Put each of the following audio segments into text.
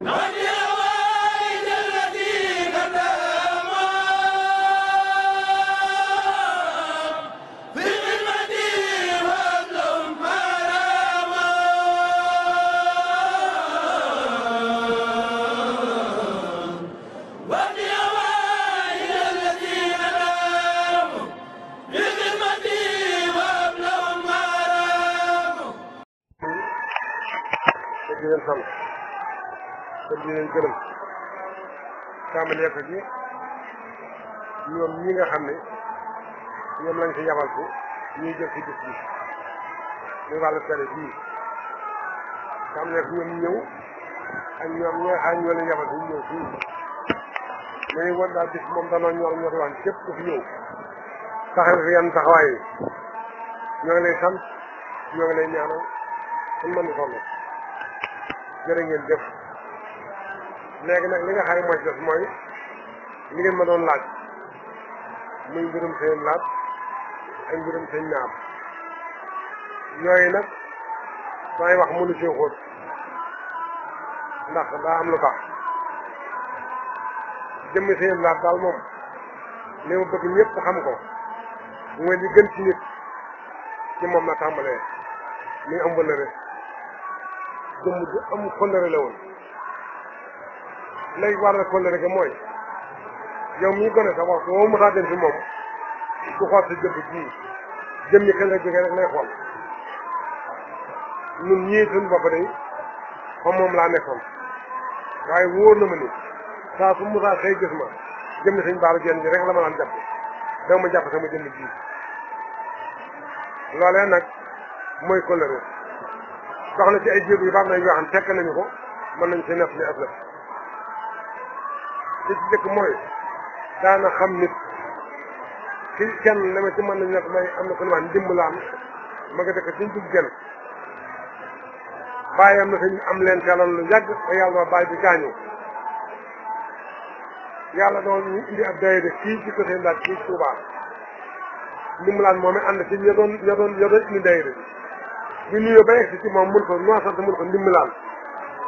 No! tàmbalee ko ci ñoom ñi nga xam ne ñoom lañ fi yabal ko ñuy jël ci bis bi wa wàllu tele bii xam ne ñoom ñëw ak ñoom ñoo xam ñoo leen yabal ñu ñëw fii mu ne woon daal bis moom danoo ñor ñor wax képp ku fi ñëw taxaw fi yan taxawaay yi ñoo ngi lay sant ñoo ngi lay ñaanal suñu mën a sonn jërë ngeen def léegi nag li nga xam ne mooy des mooy li ngeen ma doon laaj muy mbirum seen laaj ak mbirum seen naam yooyu nag sooy wax mënu ci xóot ndax daa am lu tax jëmm seen laaj daal moom li ma bëgg ñëpp xam ko mooy li gën ci nit ci moom la tàmbalee muy am wëllëre jëmm ju am kóllëre la woon lay waral kóllëre ga mooy yow mii gone sax waxtu woo mu taa dem si moom ku xool si jëmm jii jëmmi xel rek jógee rek lay xool ñun ñii suñu bopp day fa moom laa nekkoon waaye wóor na ma ni saa su mu saa xëy gis ma jëmmi suñu baalu jenn ji rek la ma daan jàpp dama ma jàpp sama jëmm jii loolee nag mooy kóllëre dox na ci ay jéego yu baax na yoo xam fekk nañu ko mën nañ si nekk li ëpp li ci jëkk mooy daana xam nit ki kenn la ma ci mën nañ nag may am na ko ne wax ndimb la ma nga dëkk suñ dug genn bàyyam na sañ am leen teeloon lu yàgg te yàlla bi gaañu yàlla doon ñu indi ab dayre kii ci ko seen daal kii Tuubaa ndimb laan moom ànd ci ña doon ña doon ña doon indi dayre bi bi nuyoo ba egsi ci moom mun ko noo sant mun ko ndimb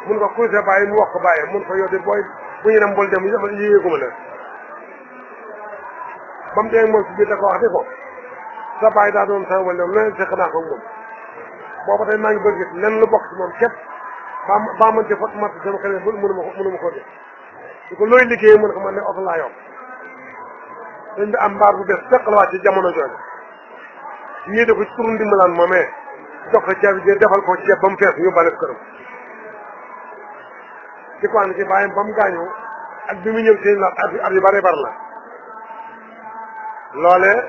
mun ko kuuse bàyyi mu wax bàyyi mun ko yow booy bu ñu dem bul dem yi dafa yéegee ko ma ne ba mu dee moom si biir da ko wax ne ko sa bàyyi daa doon sama wàllam leneen fekk naa ko moom booba tey maa ngi bëgg lenn lu bokk ci moom képp ba ma ba ma jëfandikoo sama xel mënu ma ko mënu ma ko def su ko looy liggéeyee mën ko man ne oto laa yor dañ bi am mbaar bu bees fekk la wàcc ci jamono jooju ñii da ko ci turu ndimbalaan moomee jox ko ceeb bi defal ko ceeb ba mu fees ñu bale këram. ci ko ànd ci bàyyam ba mu gaañoo ak bi mu ñëw seen laat at at yu bare bare la loolee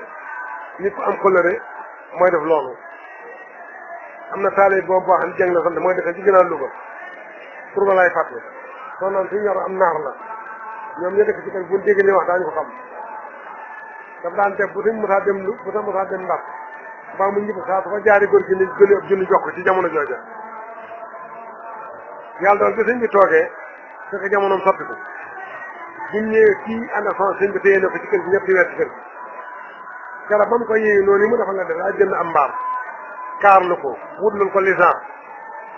nit am coloré mooy def loolu am na taale boobu boo xam jeng la sant mooy defee ci ginnaaw Louga pour ba lay fàtte soo naan suñu yor am naar la ñoom ñoo dëkk ci kër bu ñu dégg wax daañu ko xam daf daan def bu suñ mosaa dem lu bu sa mosaa dem ndax mbaa mu njib saa su fa jaari góor gi ni jëli junni jox ci jamono jooja yàlla doon bi suñ toogee fexe jamonoom soppi ko buñ ñëwee fii ànd ak sama sëñ bi téye na ko ci kër gi ñetti weer ci kër gi garab ba mu ko yéeyee noonu yi mu defal la def daa jënd am mbaam kaar lu ko wutlul ko licence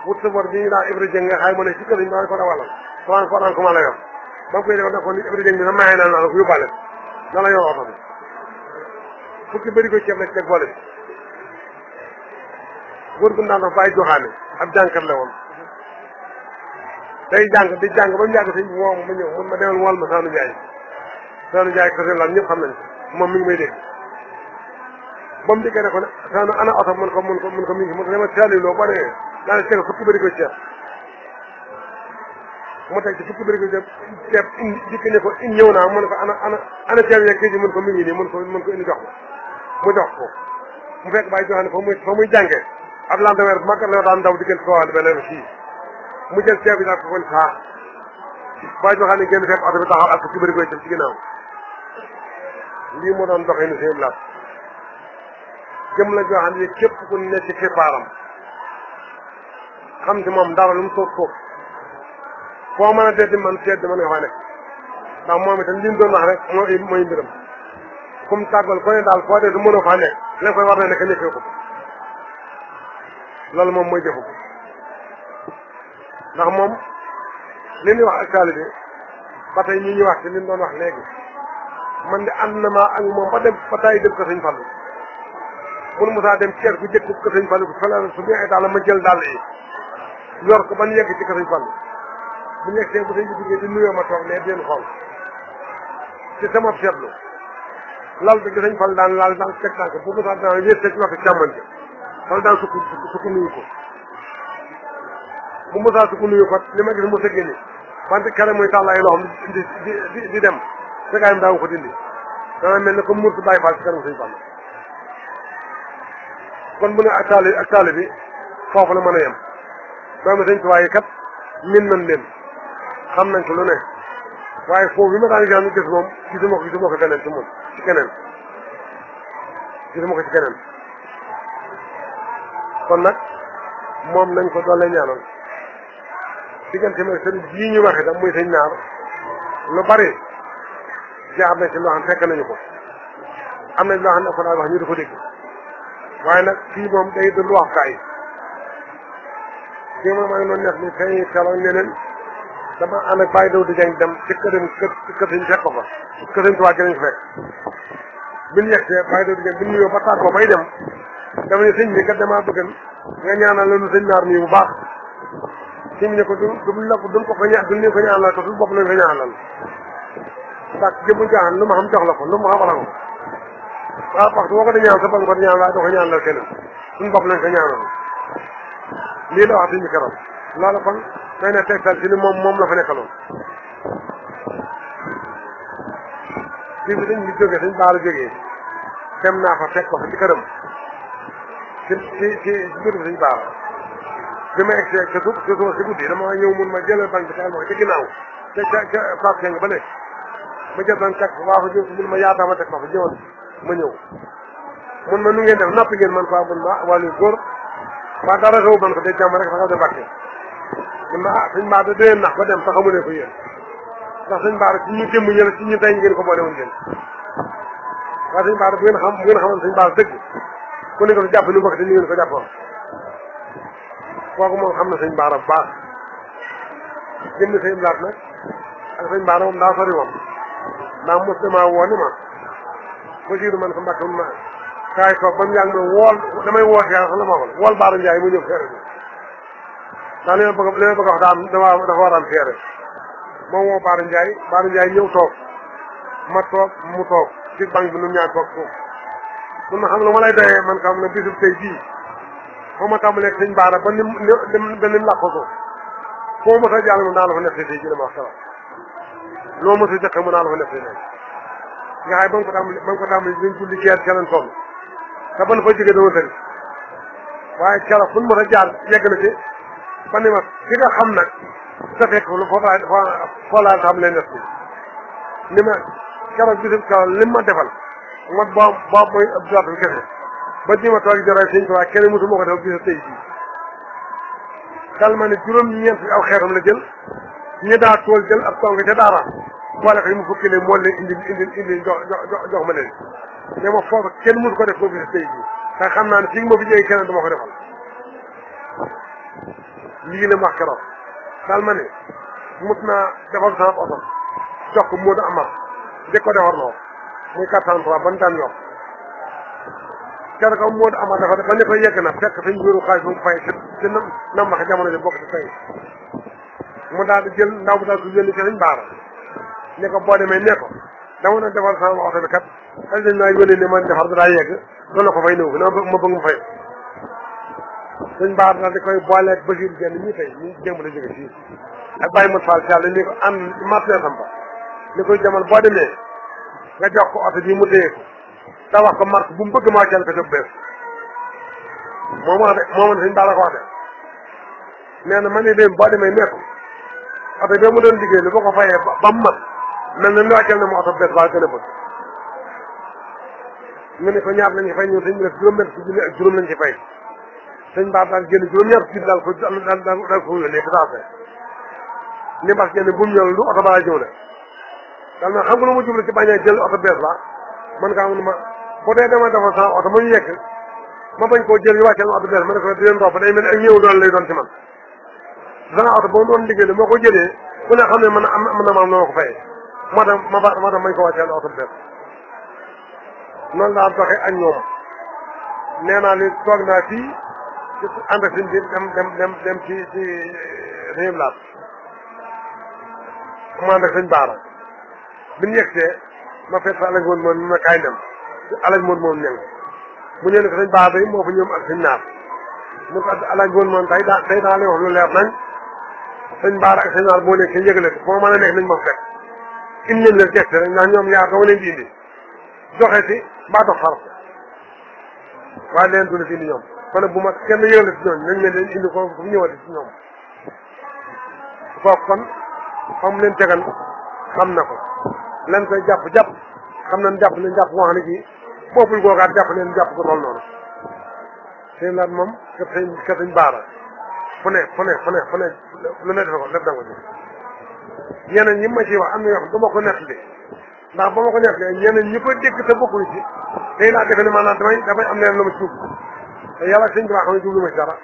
wut sa bor bi ñu daan Ibra Jëng nga xay ma ne ci kër yi maa ko dawalal transport en commun la yor ba mu koy defal nag kon Ibra Jëng bi na maye naa la ko yóbbaale na la yor oto bi fukki bëri ko ceeb la ci teg boole bi góor gu daan daf bàyyi joxaane ab jànkat la woon day jàng di jàng ba mu yàgg si moom ma ñëw man ma demal wàll ma Sanu Ndiaye Sanu Ndiaye Kër mi ngi may dégg ko ne Sanu ana oto man ko man ko mi ngi man ko dama teel a loo ba demee daal di teg fukki bëri ko ceeb mu teg ci fukki ko ceeb ceeb indi dikk ne ko indi ñëw naa man ko ana ana ana ceeb yeeg kii ji man ko mi ngi nii man ko man ko indi jox ko mu jox ko mu fekk bàyyi joxe ne fa muy fa muy jàngee ab lantewere bu mag la daan mu jël ceeb bi nag ko kon saa bàyyi ma xam ne génn fekk oto bi taxaw ak ko tubari koy tam ci ginnaaw lii moo doon doxee ni seen laat jëm la joo xam ne képp ku nekk ci keppaaram xam ci moom dara lu mu soof soof foo mën a deddi man seet di mën nga fa nekk ndax moom itam li mu doon wax rek mooy mooy mbiram comme tàggal ko ne daal foo dee du mënoo faa nekk léegi koy war na nekk nekkee ko loolu moom mooy jëfu ndax moom li ñuy wax ak taalibe ba tey ñu ñëwaat ci li ñu doon wax léegi man de ànd na maa ak moom ba dem ba taay dem ko sëñ Fallou mun saa dem ceer gu jëkk ko sëñ Fallou fanaan su neexee daal ma jël dàll yi ko ban yegg ci ko sëñ Fallou bu nekk see bu sëñ di nuyoo ma toog ne di leen xool ci sama seetlu lal bi sëñ Fallou daan laal daan teg tànk bu musaa daan wéet ci waxtu càmmoñ ca Fallou daan sukk nuyu ko bu mosaa sukk nuyu ko li ma gis mu sëggee ni wante kanam mooy tàllaay loo xam di di di dem sëggaayam daaw ko dindi dana mel ne comme murtu bàyyi faal ci kanam suñu fàll kon bu ne ak taali ak taali bi foofu la mën a yem doomi sëñ tuwaay yi kat min nan leen xam nañ ko lu ne waaye foofu bi ma daan gis ñu gis moom gisuma ko gisuma ko keneen ci moom ci keneen gisuma ko ci keneen kon nag moom nañ ko doole ñaanal diggante ma sëñ bii ñu wax itam muy sëñ naar lu bari jaar na ci loo xam fekk nañu ko am nañ loo xam ne ko daal wax ñu di ko dégg waaye nag fii moom day du lu wax kaay fii moom maa ngi doon nekk ni tey teeloon leneen dama ànd ak bàyyi daw di jàng dem ci kër ci kër sañ fekk ko fekk bi ñu yegsee bàyyi daw di jàng bi ñu nuyoo ba tàggoo bay dem dama ne sëñ bi kat damaa bëgg nga ñaanal lu sëñ naar nii bu baax suñ ne ko du duñ la ko duñ ko fa ñaan duñ leen ko ñaan lal ko suñ bopp lañ ko ñaan lal parce que jëmuñ caaxaan lu ma xam jox la ko lu ma xam la ko waaw waxtu boo ko di ñaan sa bopp ko di ñaan waaye doo ko ñaan lal keneen suñ bopp lañ ko ñaanal lii la wax suñu keroog loolu kon day na tegtal ci ni moom moom la fa nekkaloon fii bi dañ bi jógee dañ baalu jógee dem naa fa fekk ko fa ci këram ci ci ci biir bi dañ baalu bi ma egsee ca suuf ca suuf si guddi dama ñëw mun ma jëlal banque bi ca àll ca ginnaaw ca ca ca Pape Seng ba ma jël banque teg fa waaw jël mun ma yaataa ma teg fa fa jëwal ma ñëw. mun ma nu ngeen def napp ngeen man faa mun ma ah wàllu góor waa dara xew man ko day jàmm rek fa xaw de bàkke mun ma ah da doyeen nax ba dem sax amu ko yéen ndax suñ baax rek ci ñu démb ñële ci ñu tey ngeen ko boole woon ngeen waaye suñ baax bu ngeen xam bu ngeen xamoon suñ baax dëgg ko jàpp ni mu bokk te ni ko jàppoon kooku moom xam na sëñ baara bu baax jënd sëñ laat nag ak sëñ baara moom daa sori moom ndax mos damaa woo ni ma Basiiru man sa mbàkke ma kaay toog ba mu yàgg ma wool damay woo si yàlla sax la ma waxoon wool Baara Ndiaye mu ñëw seere bi ndax li ma bëgg li ma bëgg a wax daa dama dafa war a am seere moom woo Baara Ndiaye Baara Ndiaye ñëw toog ma toog mu toog ci banque bi nu ñaar toog suuf mun na xam lu ma lay doyee man xam ne bisub tey bii foo ma mu sëñ baara ba nim nim ba nim làqoo foo mos a jàng mu naa la fa nettali tey jii ma wax salaam loo mos a jëkk mu naa la fa nettali tey nga xam ne ba nga ko tàmbalee ba nga ko tàmbalee dañ julli keer ca lañ toll te ban fa jógee dama tëri waaye keroog fu ñu mos a jaar yegg na ci ba ni ma ki nga xam nag sa fekk lu foo laa foo laa tàmbalee nekk ni ma keroog bisim keroog lim ma defal ma boo boo mooy ab jotul kese ba jéem a toog di roy sëñ Tuubaa kenn mësu moo ko def gisa tey jii dal ma ne juróom-ñeent aw xeetam la jël ñi daa tool jël ab tong ca daara boole ko yi mu fukki leen moo leen indil indil indil jox jox jox ma leen ne ma foofu kenn mësu ko def ko gisa tey jii te xam naa ne fii nga ma fi jógee keneen dama ko defal lii la wax keroog daal ma ne mut naa defal sama oto jox ko Modou Amar di ko defar loo muy 403 ban daan yokk ca kaw moo amaat dafa def ba ne fa yegg na fekk fi ñu wéeru xaalis moom fay te nam nam wax jamono ji bokk ci fay mu daal di jël ndaw bu daal di jël ci lañ baara ne ko boo demee ne ko dama doon defar sama oto bi kat xëy na maa yónnee ne man defar ko fay néew fi ma bëgg ma bëgg mu fay suñ baar daal di koy booleeg bëgg genn ñi tey ñu jéem la jóge fii ak bàyyi ma faal si àll ko ànd martin samba ni koy jamal boo demee nga jox ko oto bi mu téye ko tabax ko marque bu mu bëgg maa jël ko ca bees moo ma moo ma suñ daala ko wax de nee na man leen boo demee nekk oto bi mu doon liggéey lu ba ko fayee ba mu mat mel na lu wàcceel na ma oto bees laa gën a bëgg nga ne ko ñaar lañu fay ñëw sëñ bi def juróom-benn si junni ak juróom lañ ci fay sëñ Ba daal génn juróom-ñaar si daal ko daal daal daal ko yónnee ba saa fee ni mbas génn bu mu ñëw lu oto balaa ñëw la daal na xam nga lu ma jublu ci bañ a jël oto bees la man ngaa mun ma boo dee dama defal sama oto ba ñu ma bañ koo jël ñu wàcceel ma oto benn ma ne ko di leen topp day mel ak ñëw doole lay doon ci man sama oto ba doon liggéey la moo ko jëlee ku ne xam ne mën a am mën a maam noo ko fayee moo tax ma ba moo tax mañ ko wàcceel oto benn la am doxee ak ñoom nee naa li toog naa fii ci ànd ak suñ dem dem dem dem ci ci réew laat mu ànd baara bi ñu ma fekk fa alak moon moom mi ma kaay dem alak moon moom ñang mu ñëw ne ko sañ baa bay moo fa ñoom ak sañ naar mu ko alak moon moom tay daa tay daa lay wax lu leer nañ sañ baar ak sañ naar boo nekk sañ yëgale foo mën a nekk nañ ma fekk indi leen leen gerte rek ndax ñoom ñaar dama leen di indi doxe si mbaa dox xar waaye leen duna si indi ñoom kon bu ma kenn yëgale si ñoom nañ leen indi ko fu ñëwati si ñoom kooku kon xam leen tegal xam na ko lan koy jàpp jàpp xam nañ jàpp ne jàpp wax na ci boppul googaat jàpp leen jàpp ko toll noonu seen laat moom kat sañ kat sañ baara fu ne fu ne fu ne fu ne lu ne defe ko lépp da nga ko ci yeneen ñi ma ciy wax am na yoo bu dama ko nettali ndax ba ma ko nettalee yeneen ñi ko dégg te bokkul ci tey laa defe ne maanaam damay damay am leen lu ma suuf te yàlla sëñ bi waa xam ne jublu ma ci dara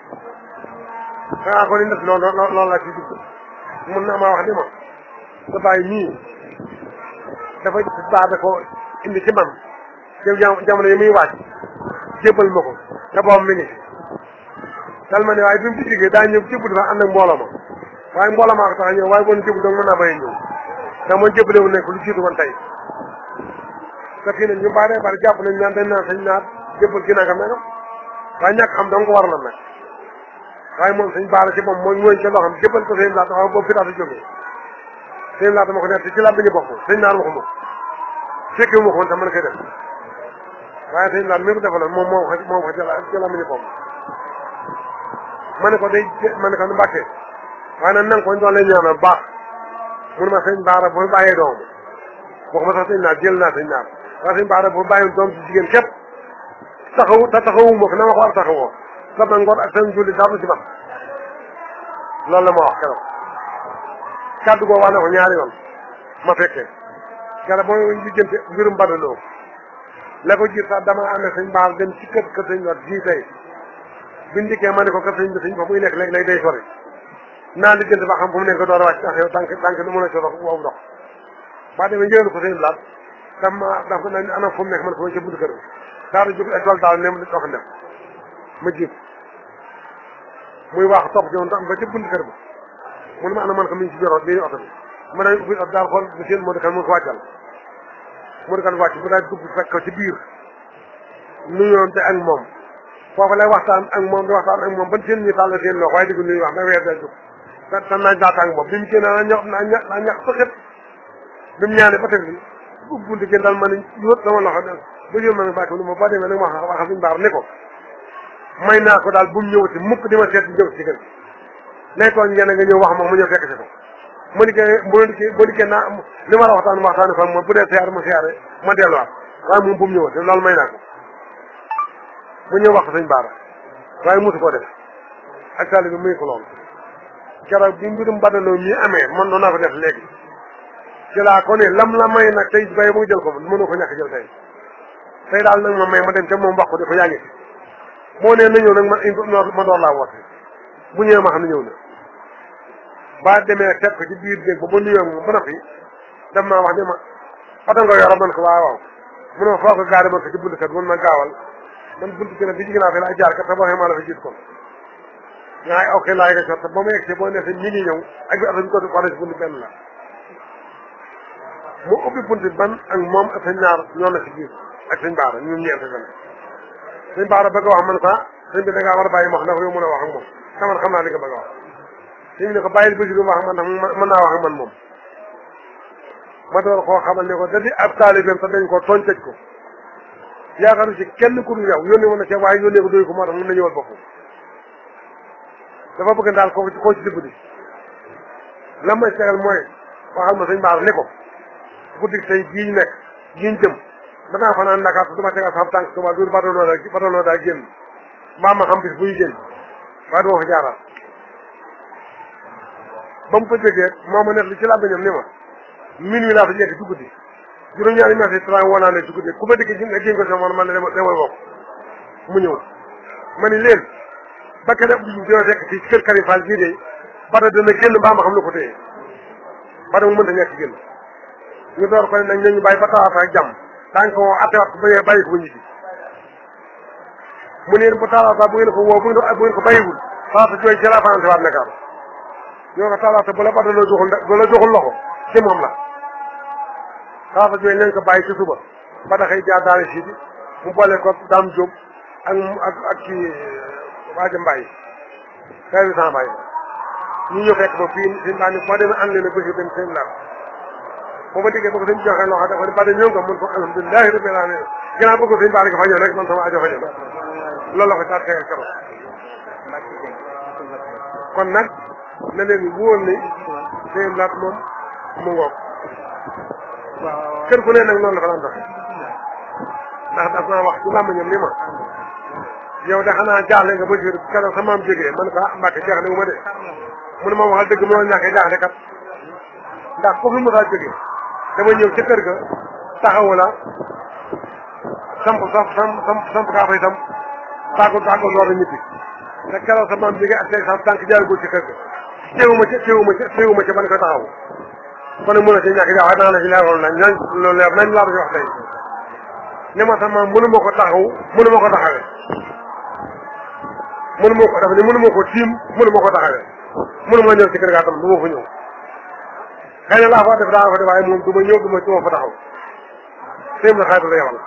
xanaa ko ni nett loolu loolu laa ci dugg mun na maa wax ni ma sa bàyyi nii dafa baax da ko indi ci man ci jamono yi muy wàcc jébbal ma ko te boobu mi ngi dal ma ne waaye bi mu ci jógee daa ñëw jébbu dafa ma waaye mbooloo maa ko tax a waaye bon jébbu dong mën naa bañ a ñëw da man jébbale wu nekk lu jiitu woon tey te fii nag ñu bari bari jàpp nañ naan dañ naan sañ naat jébbal gi nangam nangam waaye ñàkk xam dong ko war la nag waaye moom sañ baara ci moom mooy mooy ca loo xam jébbal ko seen laata waaw boobu fi daal di سيدنا دا مخ نتي لا بني بوكو سيدنا دا مخ مو سيكي مو خون تامن كاي داف واه سيدنا دا ميرو دافال مو مو خاتي مو خاتي لا انت لا مني بوكو مانيكو داي مانيكو نباكي وانا نان كون دون لا نيانا با مون ما سيدنا دارا بو باي دوم بوكو ما سيدنا ديال نا سيدنا راسين بارا بو باي دوم سي جيجن كاب تخو تخو مو خنا ما خوار تخو كما نقول اكثر من جولي دارو جبا لا لا ما احكي لك kàddu boobu wax na ko ñaari yoon ma fekkee kere boo lijjante mbirum badaloo la ko jiir sax dama amee sañ baal dem ci kër kër sañ wat jii tey biñ dikkee ma ne ko kër sañ bi sañ fa muy nekk léegi lay day sori naa lijjante ba xam fu mu nekk door a wàcc tax yow tànk tànk du mën a coono woowu ndox ba demee njëriñu ko seen laat dama daf ko naan anam mu nekk man ko ma ca bunt kër daal di a école daal ne ma dox ndem ma jiit muy wax topp joon tam ba ca bunt kër ba mu ne ma ana man xam ne ñu ci biir oto biir oto bi ma daal ubbi oto daal xool ba seen moo di kan mu wàccal moo di kan wàcc mu daal dugg fekk ko ci waxtaan ak moom di waxtaan ak moom ban seen ñu tàll seen waaye di ko nuyu wax ba weer day dugg te bi mu génn naa ñax naa ñax naa ñax sa xet bi mu ñaanee ba teg bi ubbi buntu génn daal ma ne ma ne bàcc ma boo demee nag ma wax ne ko may naa ko daal bu mu ñëwati mukk di ma seet ñëw ci kër nekkoon ñenn nga ñëw wax moo mu ñëw fekk si ko ma dikkee ma dikkee ma dikkee naa li ma la waxtaan waxtaanee fan ma bu dee siyaar ma siyaare ma delluwaat waaye moom bu mu ñëwaat loolu may naa ko mu ñëw wax ko sëñ Baara waaye mosu ko def ak taalibe bi muy ko lool keroog bi mbirum badaloo mi amee man noonu ko def léegi ci laa ko ne lam la may nag tey bay mu jël ko mënoo ko ñàkk jël tey tey daal nag ma may ma dem te moom wax ko ne ko yaa ngi fi moo nee na ñëw nag ma ma door laa bu ñëwee ma xam ñëw baa demee teg ko ci biir néeg ba ba nuyoo moom ba noppi dem naa wax ne ma oto nga yor man ko waaw waaw mu ne ma foo ko gaari man ko ci buntu kat mun ma gaawal man buntu bi nag bi jigéen naa fi laa jaar kat te boo xamee maa la fa jiit kon nga ay ok laay nga jot te ba ma yegg si boo nee sa ñi ngi ñëw ak bi oto bi ko wax ne si buntu benn la mu ubbi buntu ban ak moom ak sa ñaar ñoo na si biir ak sëñ baara ñun ñeent ak sëñ baara bëgg a wax man ko sëñ bi da ngaa war a bàyyi ma wax ndax yow mën a wax ak moom te man xam naa li nga bëgg a wax sëñ bi ne ko bàyyil Basiru wax man mën ka man moom ma door koo xamal ne ko da di ab taalibeem sax dañ ko tooñ tëj ko yaakaaru ci kenn ku dul yow yónnee woon na ca waaye yónnee ko doy ko moo tax mun na ñëwal boppam dafa bëgg daal koo koo ci dimbali la may segal mooy waxal ma sëñ Baar ne ko guddi tey jii ñu nekk jii ñu jëm danaa fanaan Dakar su dama tegal sama tànk Tuubaa du badooloo daal badooloo daal génn mbaa ma xam bis buy génn waaye du ma fa jaaraat ba mu fa jógee moo ma neex li ci làmmiñam ni ma minuit laa fa nekk ci juróom-ñaari mètre trente woo naa ne ku ma dikk ci ne jéngo ne demoy bokk mu ñëw ma ni leen bakkane abdou diouf dina nekk ci kër Karim Fall bii de bada dana génn mbaa ma xam lu ko téye mu mënta ñàkk génn ñu ba tawaat ak jàmm mu ne bu tawaat bu ngeen ko woo bu ngeen ko bàyyiwul tawaat jooy jëlaat fanaan si waat nekkaat ñoo ko talaata bu la badaloo joxul bu la joxul loxo ci moom la xaafa jooy nañ ko bàyyi ci suba ba taxay jaar daara si bi mu boole ko daam jóob ak ak ak kii euh, waaja mbaay servicen mbaay ñu ñëw fekk ba fii seen baa ni boo demee ànd leen bësi dem seen laam boo ma déggee ba ko sëñ joxe loxo dafa ne bade ñëw nga mun ko alhamdulilahi rabbil alamin gannaaw bëgg sëñ baa fa ñëw rek man sama ajo fa ñëw loolu la ko jaar tegal keroog kon nag na leen wóor ne seen laat moom mu ngoog kër gu ne nag noonu la fa daan doxee ndax daf naa wax ci làmmiñam ni ma yow de xanaa jaaxle nga ba jur keroog sa maam jógee man ko ah Mbàkke jaaxle wu ma de mu ne ma waxal dëgg mënoo ñàkkee jaaxle kat ndax foofu mu saa jógee dama ñëw ca kër ga taxawu la samp samp samp samp kaa fay samp tàggu tàggu loolu ñibbi te keroog sa maam jógee ak say samp tànk jaar ko ci kër ga teewuma ca teewuma ca teewuma ca ban ko taxaw kon mën a ci ñàkk gaaw naa la ci leeroon nañ nañ loolu leer nañ laa ba ci wax tey ne ma sama mënuma ko taxaw mënuma ko taxawee mënuma ko def ne mënuma ko tiim mënuma ko taxawee mënuma ñëw ci kër gaa tam du ma fa ñëw xëy na laa fa def daa fa def waaye moom du ma ñëw du ma du ma fa taxaw téem na xaatu la yebal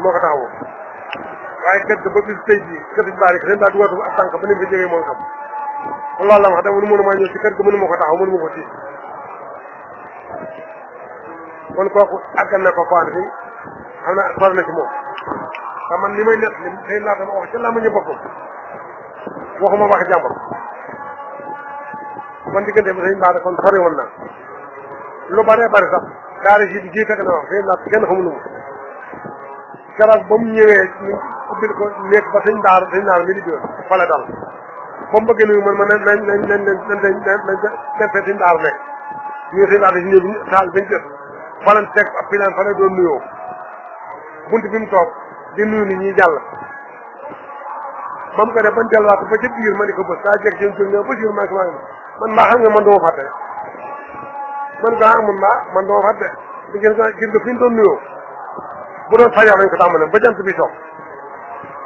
moo ko taxawoo waaye kër ga ba bis tey jii kër gi baari kër daa dugaatu ab tànk ba ni mu fi jógee moom xam loolu la wax dama mënu maa ñëw ci kër gi mënu ma ko taxaw mënu ma ko tiit kon kooku àggal na ko ko bi xam na toll na ci moom te man li may nekk li day laata ma wax ci ko ma ñu boppam waxuma wax jàmbur kon diggante bi sëñ Ba kon sori woon naa lu baree bari sax daara ji bi jiite na wax sëñ laat kenn xamul mu keroog ba mu ñëwee ñu ubbil ko nekk ba sëñ daar sëñ daar mi di biir fale dal ba mu bëggee lu man man nañ nañ nañ nañ nañ nañ nañ fee si ndaar nekk ñu ngi si ndaar saal bañ jot fa lañ teg ab filaan doon nuyoo bunt bi mu toog di nuyu nit ñi jàll. ba mu ko ban delluwaat ba ca biir ma di ko bës saa jekk seen tur ñëw ba man man mbaa xam nga man doo fàtte man ko ah man mbaa man doo fàtte di gën a gis nga fi doon nuyoo bu doon fajar lañ ko tàmbalee ba jant bi soog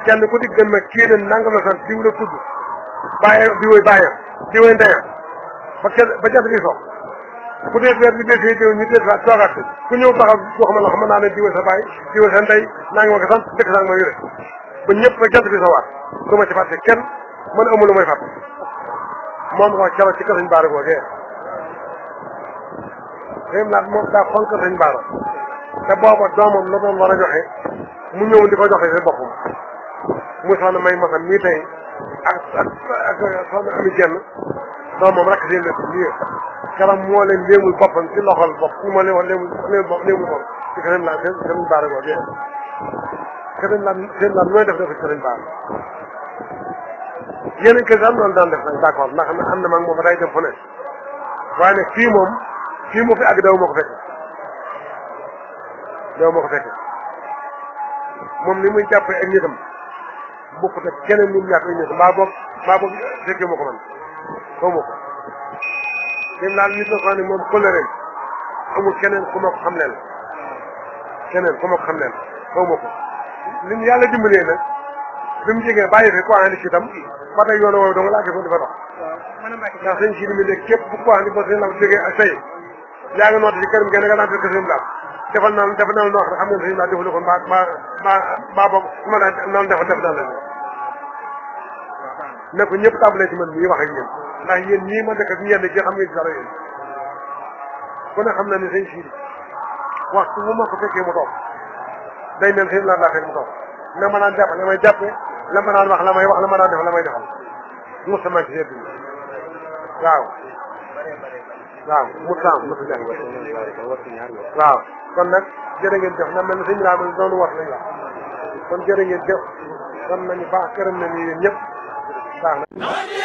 kenn ku gën ma kii nangam la sant diw la tudd. bàyyi di woy bàyyi di woy ndeyam ba ca ba ca di soog bu dee weer bi dee fii ñu dee waat toogaat ku ñëw taxaw boo xam ne naa ne di woy sa bàyyi di woy sa ndey naa ngi ma ko sant dëkk saa ngi ma yore ba ñëpp ba jant bi sa waat du ma ci fàtte kenn man amul lu may fàtte moom la keroog ci kër suñu baara googee xëy na moom daa fonk kër suñu baara te booba doomam la doon war a joxe mu ñëw di ko joxe sa boppam mu soxna may ma ak ak ak soxna Ami Jenn sama moom rakk seen lépp nii karam moo leen léemul loxol bopp ñu moo leen wax léemul léemul bopp léemul bopp ci keneen laa seen def def ci keneen baara yeneen kër am noonu daan def am na maag moom day dem fu ne waaye nag fii moom fii mu fi daw ma ko fekk daw ma ko fekk moom li muy jàpp ak nitam bokkut ak keneen ñun ñaar ñooy ñëw mbaa boog mbaa boog fekkee ma ko man xaw ma ko. dem daal nit la ko xam ne moom coloré amul keneen ku ma ko xam leen keneen ku ma ko xam leen xaw ma ko. li ñu yàlla dimbalee nag bi mu jegee bàyyi fi ko andi ci itam ba tey yoon woowu dong laa gis ko dafa dox. ndax sëñ si li mu ne képp ku ko andi ba sëñ la jógee ak say yaa ngi noote ci këram kenn nga naan fekk sëñ bi daal. defal naa defal naa loo xam ne xam nañ suñu laa defal ko mbaa mbaa mbaa boobu su ma laa noonu defal def naa la ne ko ñëpp tàmbalee ci man mii wax ak ñoom ndax yéen ñii ma dëkk ak ñenn ci xam ngeen ci dara yéen ku ne xam na ne sëñ Siidi waxtu bu ma ko fekkee mu toog day mel sëñ laa laa fekk mu toog na ma naan jàpp la may jàppee la ma naan wax la may wax la ma naan def la may defal mu sama ci seet waaw waaw mu taam mu taam waaw kon nag jërë ngeen jëf na mel ne suñu laa mel noonu war nañ la kon jërë ngeen jëf kon nañu baax këram nañu yéen ñëpp baax na